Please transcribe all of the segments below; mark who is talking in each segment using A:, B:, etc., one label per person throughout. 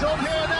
A: don't hear that.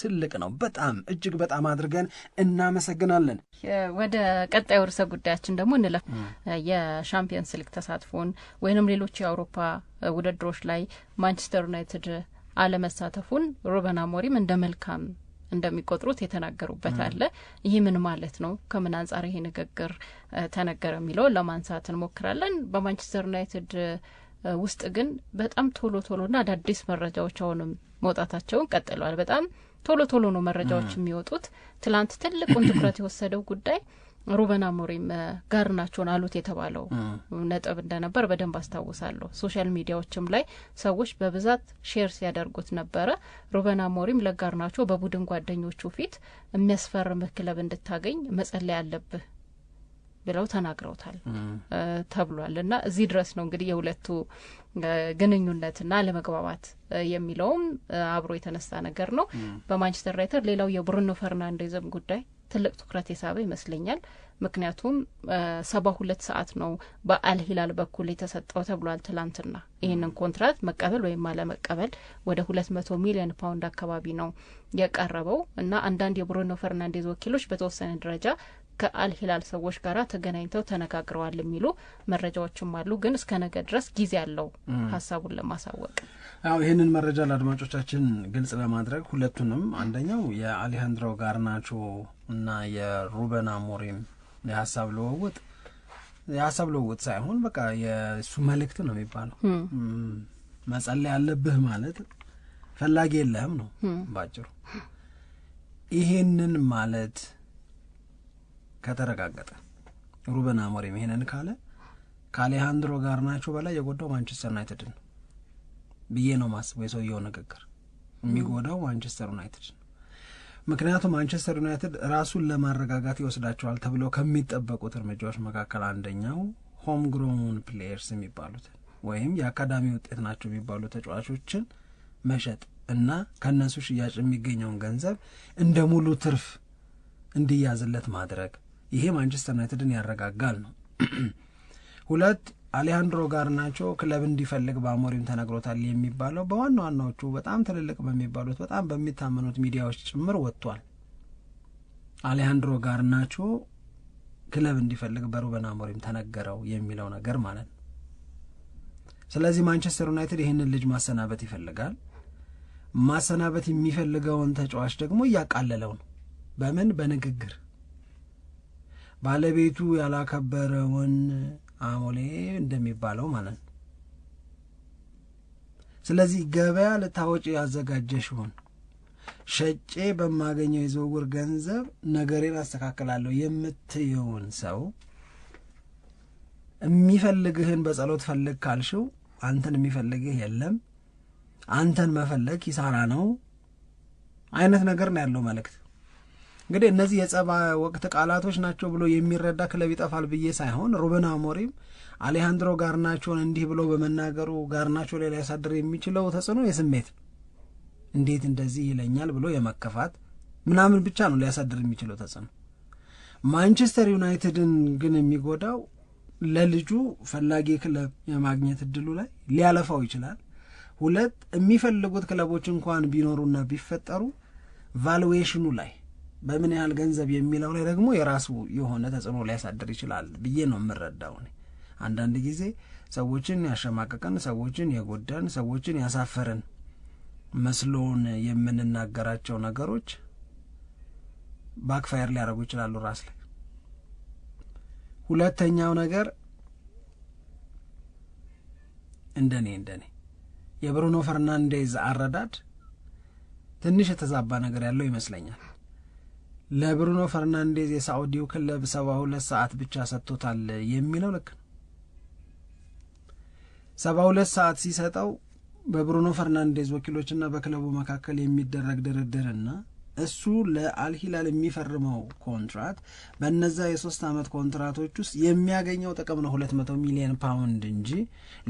A: ትልቅ ነው። በጣም እጅግ በጣም አድርገን እናመሰግናለን።
B: ወደ ቀጣዩ ርዕሰ ጉዳያችን ደግሞ እንለፍ። የሻምፒየንስ ሊግ ተሳትፎን ወይንም ሌሎች የአውሮፓ ውድድሮች ላይ ማንቸስተር ዩናይትድ አለመሳተፉን ሩበን አሞሪም እንደ መልካም እንደሚቆጥሩት የተናገሩበት አለ። ይህ ምን ማለት ነው? ከምን አንጻር ይሄ ንግግር ተነገረ የሚለውን ለማንሳት እንሞክራለን። በማንቸስተር ዩናይትድ ውስጥ ግን በጣም ቶሎ ቶሎና አዳዲስ መረጃዎች አሁንም መውጣታቸውን ቀጥለዋል። በጣም ቶሎ ቶሎ ነው መረጃዎች የሚወጡት። ትላንት ትልቁን ትኩረት የወሰደው ጉዳይ ሩበን አሞሪም ጋር ናቸውን አሉት የተባለው ነጥብ እንደነበር በደንብ አስታውሳለሁ። ሶሻል ሚዲያዎችም ላይ ሰዎች በብዛት ሼር ሲያደርጉት ነበረ። ሩበን አሞሪም ለጋር ናቸው በቡድን ጓደኞቹ ፊት የሚያስፈርምህ ክለብ እንድታገኝ መጸለይ አለብህ ብለው ተናግረውታል ተብሏል። እና እዚህ ድረስ ነው እንግዲህ የሁለቱ ግንኙነትና አለመግባባት የሚለውም አብሮ የተነሳ ነገር ነው። በማንቸስተር ዩናይትድ ሌላው የብሩኖ ፈርናንዴዝም ጉዳይ ትልቅ ትኩረት የሳበ ይመስለኛል። ምክንያቱም ሰባ ሁለት ሰዓት ነው በአል ሂላል በኩል የተሰጠው ተብሏል። ትላንትና ይህንን ኮንትራት መቀበል ወይም አለመቀበል ወደ ሁለት መቶ ሚሊዮን ፓውንድ አካባቢ ነው የቀረበው እና አንዳንድ የብሩኖ ፈርናንዴዝ ወኪሎች በተወሰነ ደረጃ ከአልሂላል ሰዎች ጋር ተገናኝተው ተነጋግረዋል የሚሉ መረጃዎችም አሉ። ግን እስከ ነገ ድረስ ጊዜ አለው ሀሳቡን ለማሳወቅ።
A: አዎ ይህንን መረጃ ለአድማጮቻችን ግልጽ ለማድረግ ሁለቱንም፣ አንደኛው የአሌሃንድሮ ጋርናቾ እና የሩበን አሞሪም የሀሳብ ልውውጥ የሀሳብ ልውውጥ ሳይሆን በቃ የእሱ መልእክት ነው የሚባለው። መጸለይ ያለብህ ማለት ፈላጊ የለህም ነው ባጭሩ። ይሄንን ማለት ከተረጋገጠ ሩበን አሞሪም ይሄንን ካለ ከአሌሃንድሮ ጋር ናቸው በላይ የጎዳው ማንቸስተር ዩናይትድ ነው ብዬ ነው ማስበው። የሰውየው ንግግር የሚጎዳው ማንቸስተር ዩናይትድ ነው። ምክንያቱም ማንቸስተር ዩናይትድ ራሱን ለማረጋጋት ይወስዳቸዋል ተብለው ከሚጠበቁት እርምጃዎች መካከል አንደኛው ሆም ግሮን ፕሌየርስ የሚባሉት ወይም የአካዳሚ ውጤት ናቸው የሚባሉ ተጫዋቾችን መሸጥ እና ከእነሱ ሽያጭ የሚገኘውን ገንዘብ እንደ ሙሉ ትርፍ እንዲያዝለት ማድረግ ይሄ ማንቸስተር ዩናይትድን ያረጋጋል ነው። ሁለት አሌሃንድሮ ናቸው ክለብ እንዲፈልግ በአሞሪም ተነግሮታል የሚባለው በዋና ዋናዎቹ በጣም ትልልቅ በሚባሉት በጣም በሚታመኑት ሚዲያዎች ጭምር ወጥቷል። አሌሃንድሮ ናቸው ክለብ እንዲፈልግ በሩበን አሞሪም ተነገረው የሚለው ነገር ማለት ነው። ስለዚህ ማንቸስተር ዩናይትድ ይህንን ልጅ ማሰናበት ይፈልጋል። ማሰናበት የሚፈልገውን ተጫዋች ደግሞ እያቃለለው ነው። በምን በንግግር ባለቤቱ ያላከበረውን አሞሌ እንደሚባለው ማለት ነው። ስለዚህ ገበያ ልታወጪ ያዘጋጀሽውን ሸጬ በማገኘው የዝውውር ገንዘብ ነገሬን አስተካክላለሁ የምትየውን ሰው የሚፈልግህን በጸሎት ፈልግ ካልሽው አንተን የሚፈልግህ የለም። አንተን መፈለግ ኪሳራ ነው አይነት ነገር ነው ያለው መልእክት። እንግዲህ እነዚህ የጸባ ወቅት ቃላቶች ናቸው ብሎ የሚረዳ ክለብ ይጠፋል ብዬ ሳይሆን ሩበን አሞሪም አሌሃንድሮ ጋርናቾን እንዲህ ብሎ በመናገሩ ጋርናቾ ላይ ሊያሳድር የሚችለው ተጽዕኖ የስሜት እንዴት እንደዚህ ይለኛል ብሎ የመከፋት ምናምን ብቻ ነው ሊያሳድር የሚችለው ተጽዕኖ። ማንቸስተር ዩናይትድን ግን የሚጎዳው ለልጁ ፈላጊ ክለብ የማግኘት እድሉ ላይ ሊያለፋው ይችላል። ሁለት የሚፈልጉት ክለቦች እንኳን ቢኖሩና ቢፈጠሩ ቫሉዌሽኑ ላይ በምን ያህል ገንዘብ የሚለው ላይ ደግሞ የራሱ የሆነ ተጽዕኖ ሊያሳድር ይችላል ብዬ ነው የምረዳው። አንዳንድ ጊዜ ሰዎችን ያሸማቀቀን፣ ሰዎችን የጎዳን፣ ሰዎችን ያሳፈርን መስሎን የምንናገራቸው ነገሮች ባክፋየር ሊያደርጉ ይችላሉ ራስ ላይ። ሁለተኛው ነገር እንደኔ እንደኔ የብሩኖ ፈርናንዴዝ አረዳድ ትንሽ የተዛባ ነገር ያለው ይመስለኛል። ለብሩኖ ፈርናንዴዝ የሳዑዲው ክለብ ሰባ ሁለት ሰዓት ብቻ ሰጥቶታል የሚለው ልክ ነው። ሰባ ሁለት ሰዓት ሲሰጠው በብሩኖ ፈርናንዴዝ ወኪሎችና በክለቡ መካከል የሚደረግ ድርድርና እሱ ለአልሂላል የሚፈርመው ኮንትራት በነዛ የሶስት ዓመት ኮንትራቶች ውስጥ የሚያገኘው ጥቅም ነው ሁለት መቶ ሚሊዮን ፓውንድ እንጂ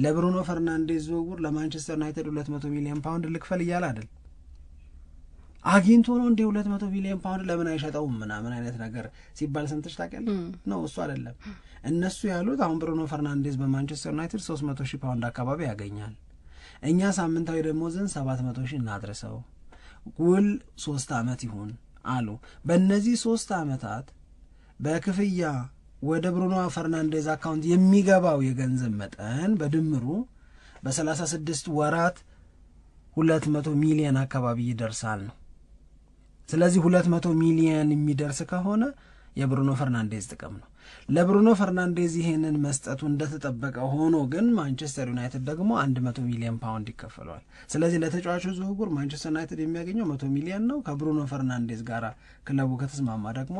A: ለብሩኖ ፈርናንዴዝ ዝውውር ለማንቸስተር ዩናይትድ ሁለት መቶ ሚሊዮን ፓውንድ ልክፈል እያለ አይደል አግኝቶ ነው እንደ ሁለት መቶ ቢሊዮን ፓውንድ ለምን አይሸጠውም ምናምን አይነት ነገር ሲባል ሰምተሽ ታውቂያለሽ? ነው እሱ አይደለም እነሱ ያሉት አሁን ብሩኖ ፈርናንዴዝ በማንቸስተር ዩናይትድ ሶስት መቶ ሺህ ፓውንድ አካባቢ ያገኛል። እኛ ሳምንታዊ ደሞዝን ሰባት መቶ ሺህ እናድርሰው፣ ውል ሶስት ዓመት ይሁን አሉ። በእነዚህ ሶስት ዓመታት በክፍያ ወደ ብሩኖ ፈርናንዴዝ አካውንት የሚገባው የገንዘብ መጠን በድምሩ በሰላሳ ስድስት ወራት ሁለት መቶ ሚሊዮን አካባቢ ይደርሳል ነው ስለዚህ ሁለት መቶ ሚሊየን የሚደርስ ከሆነ የብሩኖ ፈርናንዴዝ ጥቅም ነው። ለብሩኖ ፈርናንዴዝ ይህንን መስጠቱ እንደተጠበቀ ሆኖ ግን ማንቸስተር ዩናይትድ ደግሞ 100 ሚሊዮን ፓውንድ ይከፍለዋል። ስለዚህ ለተጫዋቹ ዝውውር ማንቸስተር ዩናይትድ የሚያገኘው መቶ ሚሊዮን ነው። ከብሩኖ ፈርናንዴዝ ጋር ክለቡ ከተስማማ ደግሞ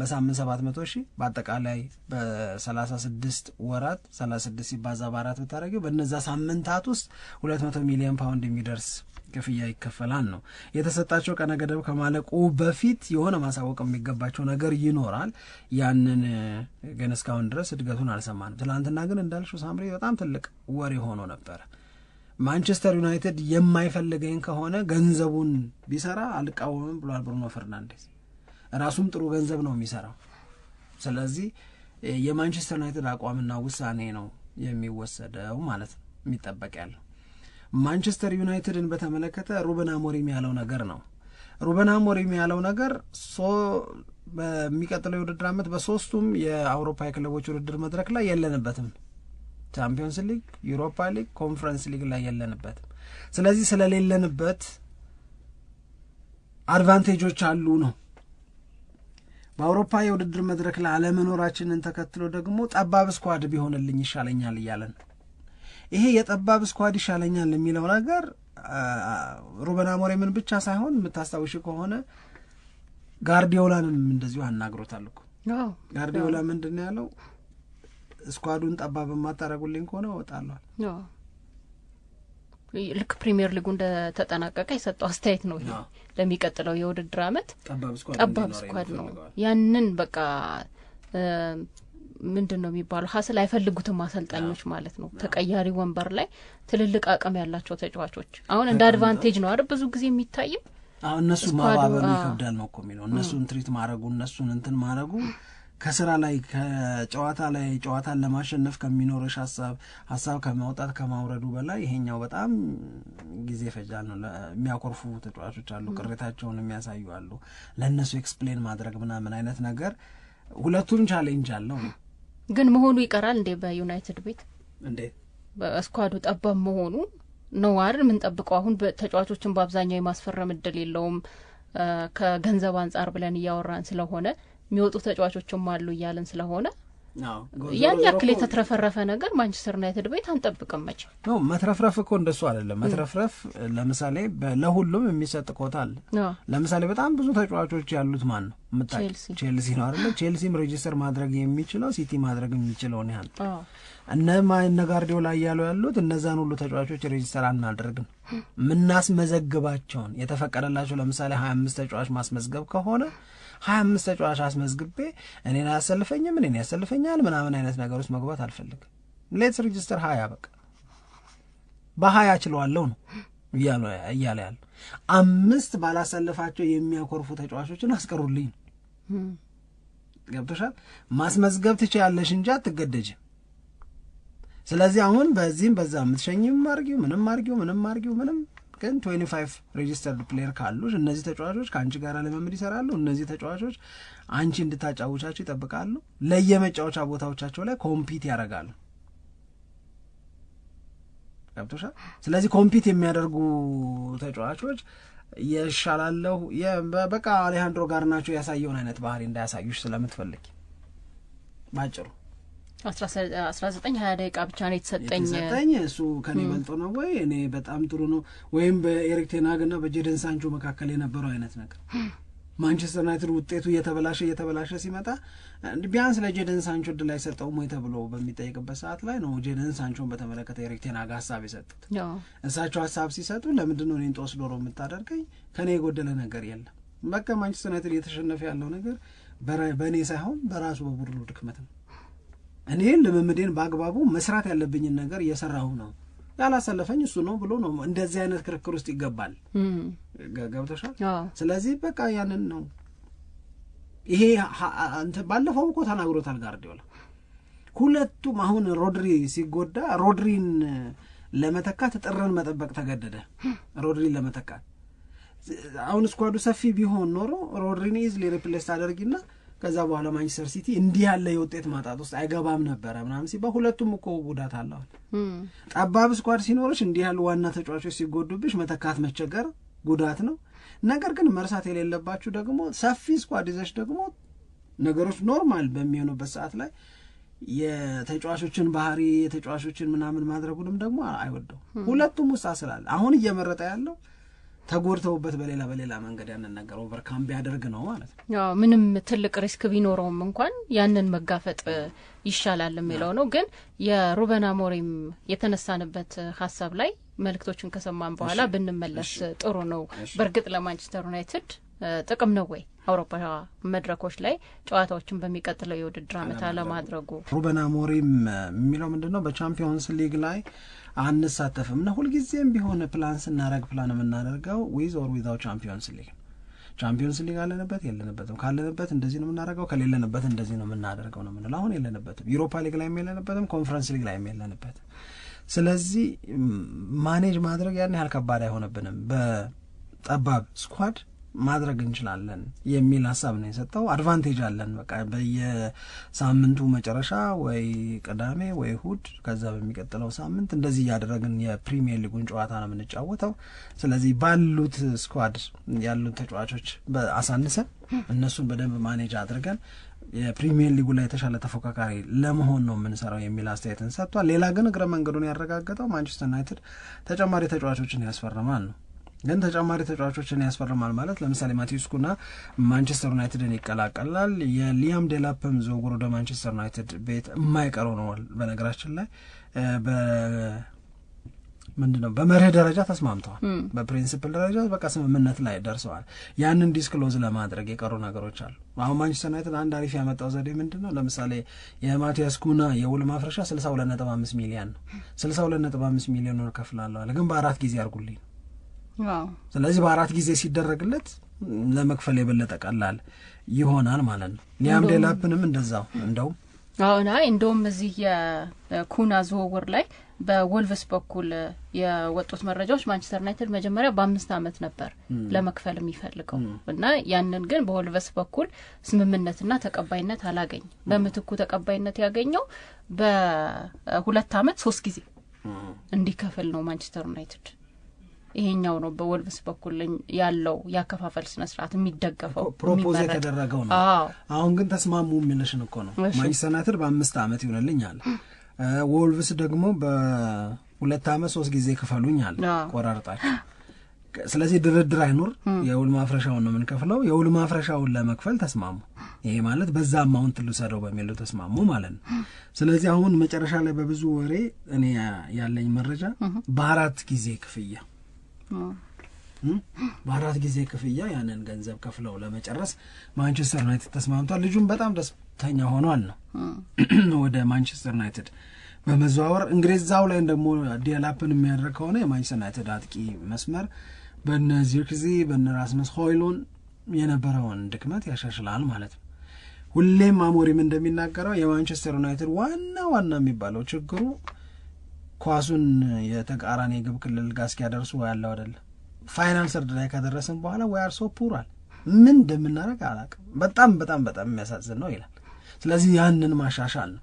A: በሳምንት 700 ሺህ በአጠቃላይ በ36 ወራት 36 ሲባዛ በአራት ብታደረገው በነዛ ሳምንታት ውስጥ 200 ሚሊዮን ፓውንድ የሚደርስ ክፍያ ይከፈላል ነው የተሰጣቸው። ቀነ ገደብ ከማለቁ በፊት የሆነ ማሳወቅ የሚገባቸው ነገር ይኖራል። ያንን ግን እስካሁን ድረስ እድገቱን አልሰማንም። ትናንትና ግን እንዳልሽው ሳምሪ በጣም ትልቅ ወሬ ሆኖ ነበረ። ማንቸስተር ዩናይትድ የማይፈልገኝ ከሆነ ገንዘቡን ቢሰራ አልቃወምም ብሏል ብሩኖ ፈርናንዴዝ። ራሱም ጥሩ ገንዘብ ነው የሚሰራው። ስለዚህ የማንቸስተር ዩናይትድ አቋምና ውሳኔ ነው የሚወሰደው ማለት ነው የሚጠበቅ ያለው ማንቸስተር ዩናይትድን በተመለከተ ሩበን አሞሪም ያለው ነገር ነው። ሩበን አሞሪም ያለው ነገር በሚቀጥለው የውድድር ዓመት በሶስቱም የአውሮፓ የክለቦች ውድድር መድረክ ላይ የለንበትም። ቻምፒዮንስ ሊግ፣ ዩሮፓ ሊግ፣ ኮንፈረንስ ሊግ ላይ የለንበትም። ስለዚህ ስለሌለንበት አድቫንቴጆች አሉ ነው። በአውሮፓ የውድድር መድረክ ላይ አለመኖራችንን ተከትሎ ደግሞ ጠባብ ስኳድ ቢሆንልኝ ይሻለኛል እያለን ይሄ የጠባብ ስኳድ ይሻለኛል የሚለው ነገር ሩበን አሞሪምን ብቻ ሳይሆን የምታስታውሽ ከሆነ ጋርዲዮላንም እንደዚሁ አናግሮታል እኮ ጋርዲዮላ ምንድን ነው ያለው ስኳዱን ጠባብ የማታረጉልኝ ከሆነ እወጣለሁ
B: ልክ ፕሪሚየር ሊጉ እንደተጠናቀቀ የሰጠው አስተያየት ነው። ለሚቀጥለው የውድድር አመት
A: ጠባብ ስኳድ ነው።
B: ያንን በቃ ምንድን ነው የሚባለው ሀስል አይፈልጉትም አሰልጣኞች ማለት ነው። ተቀያሪ ወንበር ላይ ትልልቅ አቅም ያላቸው ተጫዋቾች አሁን እንደ አድቫንቴጅ ነው አይደል ብዙ ጊዜ የሚታይም
A: እነሱ ማባበሉ ይከብዳል ነው እኮ የሚለው እነሱን ትሪት ማድረጉ እነሱን እንትን ማድረጉ ከስራ ላይ ከጨዋታ ላይ ጨዋታን ለማሸነፍ ከሚኖርሽ ሀሳብ ሀሳብ ከማውጣት ከማውረዱ በላይ ይሄኛው በጣም ጊዜ ይፈጃል ነው። የሚያኮርፉ ተጫዋቾች አሉ፣ ቅሬታቸውን የሚያሳዩ አሉ። ለእነሱ ኤክስፕሌን ማድረግ ምናምን አይነት ነገር ሁለቱም ቻሌንጅ አለው ነው
B: ግን መሆኑ ይቀራል እንዴ? በዩናይትድ ቤት እንዴ በስኳዱ ጠባብ መሆኑ ነዋር የምንጠብቀው? አሁን ተጫዋቾችን በአብዛኛው የማስፈረም እድል የለውም ከገንዘብ አንጻር ብለን እያወራን ስለሆነ የሚወጡ ተጫዋቾችም አሉ እያለን ስለሆነ ያን ያክል የተትረፈረፈ ነገር ማንቸስተር ዩናይትድ ቤት አንጠብቅም። መቼ
A: ነው መትረፍረፍ እኮ እንደሱ አይደለም። መትረፍረፍ ለምሳሌ ለሁሉም የሚሰጥ ኮታ አለ። ለምሳሌ በጣም ብዙ ተጫዋቾች ያሉት ማን ነው
B: የምታውቂው?
A: ቼልሲ ነው አይደለ? ቼልሲም ሬጂስተር ማድረግ የሚችለው ሲቲ ማድረግ የሚችለውን ያህል እነ ጋርዲዮላ እያሉ ያሉት እነዛን ሁሉ ተጫዋቾች ሬጂስተር አናደርግም። ምናስመዘግባቸውን የተፈቀደላቸው ለምሳሌ ሀያ አምስት ተጫዋች ማስመዝገብ ከሆነ ሀያ አምስት ተጫዋች አስመዝግቤ እኔን አያሰልፈኝም እኔን ያሰልፈኛል ምናምን አይነት ነገር ውስጥ መግባት አልፈልግም። ሌትስ ሬጅስተር ሀያ በቃ በሀያ ችለዋለው ነው እያለ ያለ አምስት ባላሰልፋቸው የሚያኮርፉ ተጫዋቾችን አስቀሩልኝ ነው። ገብቶሻል። ማስመዝገብ ትችያለሽ እንጂ አትገደጅም። ስለዚህ አሁን በዚህም በዛ የምትሸኝም አርጊው ምንም አርጊው ምንም አርጊው ምንም ግን ትዌንቲ ፋይቭ ሬጂስተርድ ፕሌየር ካሉሽ እነዚህ ተጫዋቾች ከአንቺ ጋር ልምምድ ይሰራሉ። እነዚህ ተጫዋቾች አንቺ እንድታጫውቻቸው ይጠብቃሉ። ለየመጫወቻ ቦታዎቻቸው ላይ ኮምፒት ያደርጋሉ። ገብቶሻል። ስለዚህ ኮምፒት የሚያደርጉ ተጫዋቾች የሻላለሁ በቃ አሌሃንድሮ ናቸው ያሳየውን አይነት ባህሪ እንዳያሳዩሽ ስለምትፈልግ ባጭሩ
B: አስራ ዘጠኝ ሀያ ደቂቃ ብቻ ነው የተሰጠኝ የተሰጠኝ
A: እሱ ከኔ በልጦ ነው ወይ እኔ በጣም ጥሩ ነው ወይም በኤሪክ ቴናግና በጄደን ሳንቾ መካከል የነበረው አይነት ነገር ማንቸስተር ዩናይትድ ውጤቱ እየተበላሸ እየተበላሸ ሲመጣ ቢያንስ ለጄደን ሳንቾ እድል አይሰጠውም ወይ ተብሎ በሚጠይቅበት ሰዓት ላይ ነው ጄደን ሳንቾን በተመለከተ ኤሪክ ቴናግ ሀሳብ የሰጡት። እሳቸው ሀሳብ ሲሰጡ ለምንድን ነው እኔን ጦስ ዶሮ የምታደርገኝ? ከኔ የጎደለ ነገር የለም። በቃ ማንቸስተር ዩናይትድ እየተሸነፈ ያለው ነገር በእኔ ሳይሆን በራሱ በቡድኑ ድክመት ነው። እኔ ልምምዴን በአግባቡ መስራት ያለብኝን ነገር እየሰራሁ ነው ያላሰለፈኝ እሱ ነው ብሎ ነው። እንደዚህ አይነት ክርክር ውስጥ ይገባል። ገብተሻል። ስለዚህ በቃ ያንን ነው ይሄ አንተ ባለፈው እኮ ተናግሮታል ጋርዲዮላ። ሁለቱም አሁን ሮድሪ ሲጎዳ ሮድሪን ለመተካት ጥርን መጠበቅ ተገደደ። ሮድሪን ለመተካት አሁን ስኳዱ ሰፊ ቢሆን ኖሮ ሮድሪን ኢዝሊ ሪፕሌስ ታደርጊና ከዛ በኋላ ማንቸስተር ሲቲ እንዲህ ያለ የውጤት ማጣት ውስጥ አይገባም ነበረ ምናምን ሲባል ሁለቱም እኮ ጉዳት አለዋል። ጠባብ ስኳድ ሲኖርሽ እንዲህ ያሉ ዋና ተጫዋቾች ሲጎዱብሽ መተካት መቸገር ጉዳት ነው። ነገር ግን መርሳት የሌለባችሁ ደግሞ ሰፊ ስኳድ ይዘሽ ደግሞ ነገሮች ኖርማል በሚሆኑበት ሰዓት ላይ የተጫዋቾችን ባህሪ የተጫዋቾችን ምናምን ማድረጉንም ደግሞ አይወደው ሁለቱም ውስጥ ስላለ አሁን እየመረጠ ያለው ተጎድተውበት በሌላ በሌላ መንገድ ያንን ነገር ኦቨርካም ቢያደርግ ነው ማለት
B: ነው። ምንም ትልቅ ሪስክ ቢኖረውም እንኳን ያንን መጋፈጥ ይሻላል የሚለው ነው። ግን የሩበን አሞሪም የተነሳንበት ሀሳብ ላይ መልእክቶችን ከሰማን በኋላ ብንመለስ ጥሩ ነው። በእርግጥ ለማንቸስተር ዩናይትድ ጥቅም ነው ወይ አውሮፓ መድረኮች ላይ ጨዋታዎችን በሚቀጥለው የውድድር አመት አለማድረጉ?
A: ሩበን አሞሪም የሚለው ምንድን ነው በቻምፒዮንስ ሊግ ላይ አንሳተፍም እና ሁልጊዜም ቢሆን ፕላን ስናደርግ ፕላን የምናደርገው ዊዝ ኦር ዊዛው ቻምፒዮንስ ሊግ ቻምፒዮንስ ሊግ አለንበት የለንበትም፣ ካለንበት እንደዚህ ነው የምናደርገው፣ ከሌለንበት እንደዚህ ነው የምናደርገው ነው የምንለው። አሁን የለንበትም፣ ዩሮፓ ሊግ ላይም የለንበትም፣ ኮንፈረንስ ሊግ ላይም የለንበትም። ስለዚህ ማኔጅ ማድረግ ያን ያህል ከባድ አይሆንብንም በጠባብ ስኳድ ማድረግ እንችላለን የሚል ሀሳብ ነው የሰጠው። አድቫንቴጅ አለን። በቃ በየሳምንቱ መጨረሻ ወይ ቅዳሜ ወይ እሁድ፣ ከዛ በሚቀጥለው ሳምንት እንደዚህ እያደረግን የፕሪሚየር ሊጉን ጨዋታ ነው የምንጫወተው። ስለዚህ ባሉት ስኳድ ያሉት ተጫዋቾች አሳንሰን እነሱን በደንብ ማኔጅ አድርገን የፕሪሚየር ሊጉ ላይ የተሻለ ተፎካካሪ ለመሆን ነው የምንሰራው የሚል አስተያየትን ሰጥቷል። ሌላ ግን እግረ መንገዱን ያረጋገጠው ማንቸስተር ዩናይትድ ተጨማሪ ተጫዋቾችን ያስፈርማል ነው ግን ተጨማሪ ተጫዋቾችን ያስፈርማል ማለት ለምሳሌ ማቴዎስ ኩና ማንቸስተር ዩናይትድን ይቀላቀላል። የሊያም ዴላፕም ዝውውር ወደ ማንቸስተር ዩናይትድ ቤት የማይቀር ነዋል። በነገራችን ላይ ምንድ ነው በመርህ ደረጃ ተስማምተዋል። በፕሪንስፕል ደረጃ በቃ ስምምነት ላይ ደርሰዋል። ያንን ዲስክሎዝ ለማድረግ የቀሩ ነገሮች አሉ። አሁን ማንቸስተር ዩናይትድ አንድ አሪፍ ያመጣው ዘዴ ምንድ ነው? ለምሳሌ የማቲያስ ኩና የውል ማፍረሻ አምስት ሚሊዮን ነው። አምስት ሚሊዮን ወር ከፍላለዋል፣ ግን በአራት ጊዜ አርጉልኝ ነው ስለዚህ በአራት ጊዜ ሲደረግለት ለመክፈል የበለጠ ቀላል ይሆናል ማለት ነው። ኒያም ዴላፕንም እንደዛው እንደውም
B: አሁና እንደውም እዚህ የኩና ዝውውር ላይ በወልቭስ በኩል የወጡት መረጃዎች ማንቸስተር ዩናይትድ መጀመሪያ በአምስት አመት ነበር ለመክፈል የሚፈልገው እና ያንን ግን በወልቭስ በኩል ስምምነትና ተቀባይነት አላገኝ በምትኩ ተቀባይነት ያገኘው በሁለት አመት ሶስት ጊዜ እንዲከፍል ነው ማንቸስተር ዩናይትድ ይሄኛው ነው በወልቭስ በኩል ያለው የአከፋፈል ስነስርዓት የሚደገፈው
A: ፕሮፖዝ የተደረገው ነው። አሁን ግን ተስማሙ የሚልሽን እኮ ነው። ማንቸስተር ዩናይትድ በአምስት ዓመት ይሆንልኝ አለ። ወልቭስ ደግሞ በሁለት ዓመት ሶስት ጊዜ ክፈሉኝ አለ ቆራርጣቸው። ስለዚህ ድርድር አይኖር፣ የውል ማፍረሻውን ነው የምንከፍለው። የውል ማፍረሻውን ለመክፈል ተስማሙ። ይሄ ማለት በዛ አማውንት ልውሰደው በሚለው ተስማሙ ማለት ነው። ስለዚህ አሁን መጨረሻ ላይ በብዙ ወሬ እኔ ያለኝ መረጃ በአራት ጊዜ ክፍያ በአራት ጊዜ ክፍያ ያንን ገንዘብ ከፍለው ለመጨረስ ማንቸስተር ዩናይትድ ተስማምቷል። ልጁም በጣም ደስተኛ ሆኗል ነው ወደ ማንቸስተር ዩናይትድ በመዘዋወር እንግዲህ እዛው ላይ ደግሞ ዲያላፕን የሚያደርግ ከሆነ የማንቸስተር ዩናይትድ አጥቂ መስመር በነዚህ ጊዜ በነ ራስመስ ሆይሉን የነበረውን ድክመት ያሻሽላል ማለት ነው። ሁሌም አሞሪም እንደሚናገረው የማንቸስተር ዩናይትድ ዋና ዋና የሚባለው ችግሩ ኳሱን የተቃራኒ ግብ ክልል ጋር እስኪያደርሱ ያለው አይደለም። ፋይናል ሰርድ ላይ ከደረስን በኋላ ወይ አርሶ ፑራል ምን እንደምናደርግ አላውቅም። በጣም በጣም በጣም የሚያሳዝን ነው ይላል። ስለዚህ ያንን ማሻሻል ነው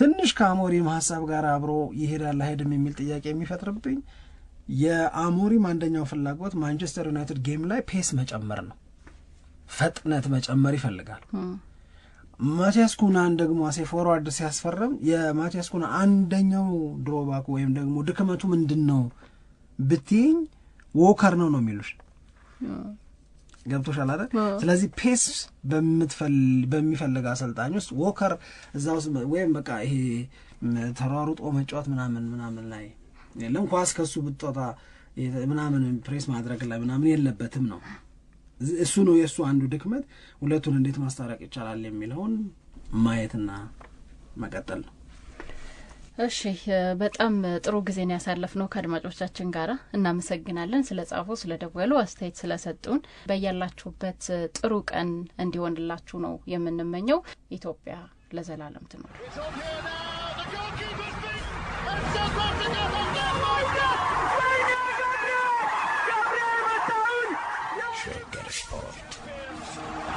A: ትንሽ ከአሞሪም ሀሳብ ጋር አብሮ ይሄዳል አይሄድም የሚል ጥያቄ የሚፈጥርብኝ የአሞሪም አንደኛው ፍላጎት ማንቸስተር ዩናይትድ ጌም ላይ ፔስ መጨመር ነው። ፈጥነት መጨመር ይፈልጋል። ማቲያስ ኩናን ደግሞ አሴ ፎርዋርድ ሲያስፈርም የማቲያስ ኩና አንደኛው ድሮባክ ወይም ደግሞ ድክመቱ ምንድን ነው ብትይኝ ዎከር ነው ነው የሚሉሽ። ገብቶሻል አይደል? ስለዚህ ፔስ በሚፈልግ አሰልጣኝ ውስጥ ዎከር እዛ ውስጥ ወይም በቃ ይሄ ተሯሩጦ መጫወት ምናምን ምናምን ላይ የለም ኳስ ከሱ ብትወጣ ምናምን ፕሬስ ማድረግ ላይ ምናምን የለበትም ነው እሱ ነው የእሱ አንዱ ድክመት። ሁለቱን እንዴት ማስታረቅ ይቻላል የሚለውን ማየትና መቀጠል ነው።
B: እሺ በጣም ጥሩ ጊዜን ያሳለፍ ነው ከአድማጮቻችን ጋር እናመሰግናለን። ስለ ጻፉ፣ ስለ ደወሉ፣ አስተያየት ስለሰጡን በያላችሁበት ጥሩ ቀን እንዲሆንላችሁ ነው የምንመኘው። ኢትዮጵያ ለዘላለም ትኖር።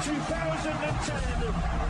B: 2010.